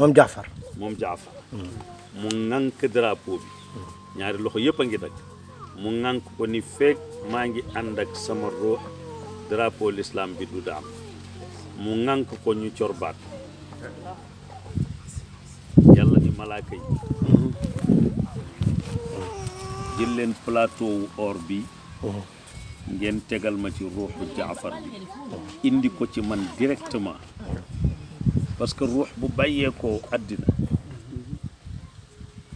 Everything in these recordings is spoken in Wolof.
moom Jaafar moom Jaafar mu ŋànk drapeau bi ñaari loxo yëpp a ngi dagg mu ŋànk ko ni feek maa ngi ànd ak sama roo drapeau l'islam bi du daam mu ŋànk ko ñu corbaat yàlla ni malaaka yi jël leen plateau wu bi ngeen tegal ma ci ruuxu Jaafar bi indi ko ci man directement parce que ruux bu bàyyeekoo àddina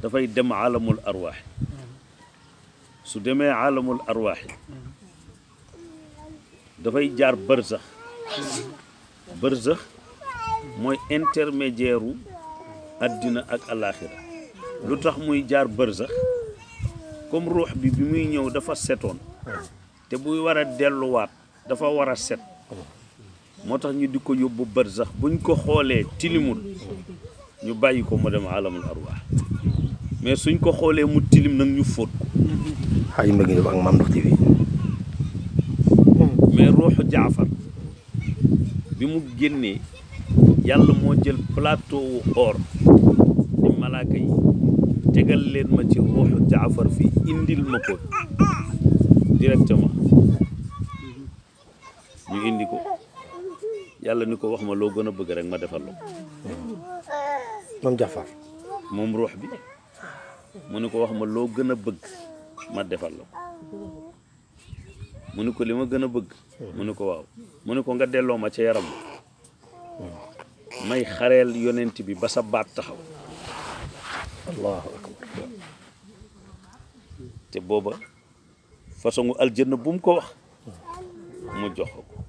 dafay dem alamul arwaax su demee alamul arwaax dafay jaar bërzax bërzax mooy intermédiaire u àddina ak alaaxira lu tax muy jaar bërzax comme ruux bi muy ñëw dafa setoon te buy war a delluwaat dafa war a set moo tax ñu di ko yóbbu barzax buñ ko xoolee tilimul ñu bàyyi ko mu dem alamul arwaax mais suñ ko xoolee mu tilim nag ñu fóot ko xaaj mbëgg ñu bi mu génnee yàlla moo jël plateau wu or di malaaka leen ma ci ruuxu jaafar fii indil ma ko directement ñu indi ko yàlla ni ko wax ma loo gën a bëgg rek ma defal la ko. moom Jafar. moom ruux bi mu ni ko wax ma loo gën a bëgg ma defal la ko mu ni ko li ma gën a bëgg. mu ni ko waaw mu ne ko nga delloo ma ca yaram may xareel yonent bi ba sa baat taxaw. allahu te booba façon aljanna bu mu ko wax mu jox ko.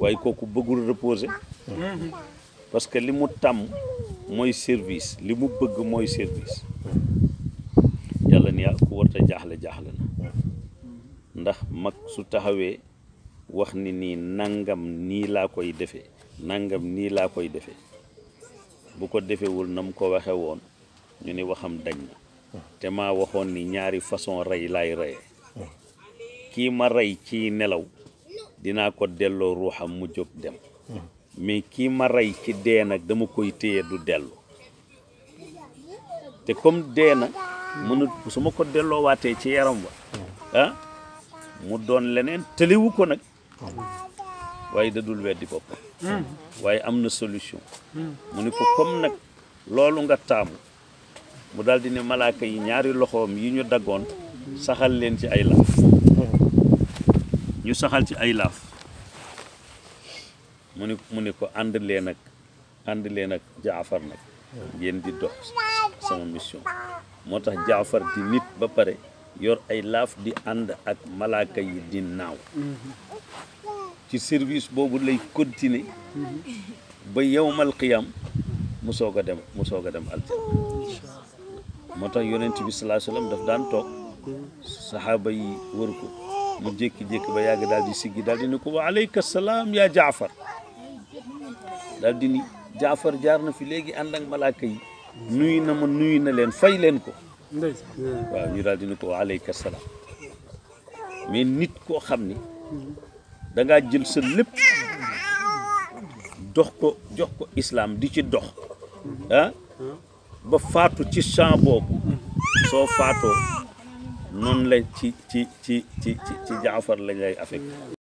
waaye kooku bëggul reposer parce que li mu tàmm mooy service li mu bëgg mooy service yàlla ni ku warta jaaxle jaaxle na ndax mag su taxawee wax ni nii nangam nii laa koy defee nangam nii laa koy defee bu ko defewul na mu ko waxe woon ñu ni waxam dañ na te maa waxoon ni ñaari façon rey laay reyee kii ma rey ci nelaw dinaa ko delloo ruuxam mu jóg dem mais kii ma rey ci dee nag dama koy téye du dellu te comme dee na mënut su ma ko delloowaatee ci yaram ba ah, mu doon leneen tëliwu ko nag waaye dadul weddi boppam waaye am na solution mu ni ko comme nag loolu nga taamu mu daal di ne malaaka yi ñaari loxoom yi ñu dagoon saxal leen ci ay laaf ñu saxal ci ay laaf mu ni mu ne ko ànd leen ak ànd leen ak jaafar nag ngeen di dox sama mission moo tax jaafar di nit ba pare yor ay laaf di ànd ak malaaka yi di naaw ci service boobu lay continuer ba yowmal qiyam mu soog a dem mu soog a dem aljana moo tax yonent bi salaa sallam daf daan toog saxaaba yi wër ko mu jékki-jékki ba yàgg daal di siggi dal di ne ko wa salaam yaa jaafar daal di ni jaafar jaar na fi léegi ànd ak malaaka yi nuyu na ma nuyu na leen fay leen ko waaw ñu daal di ne ko wa aleyka salaam mais nit koo xam ni da jël sa lépp dox ko jox ko islaam di ci dox ah, ba faatu ci champ boobu soo faatoo noonu lañ ci ci ci ci ci Jaafar lañ lay affecté